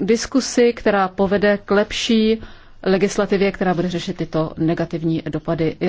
diskusi, která povede k lepší legislativě, která bude řešit tyto negativní dopady.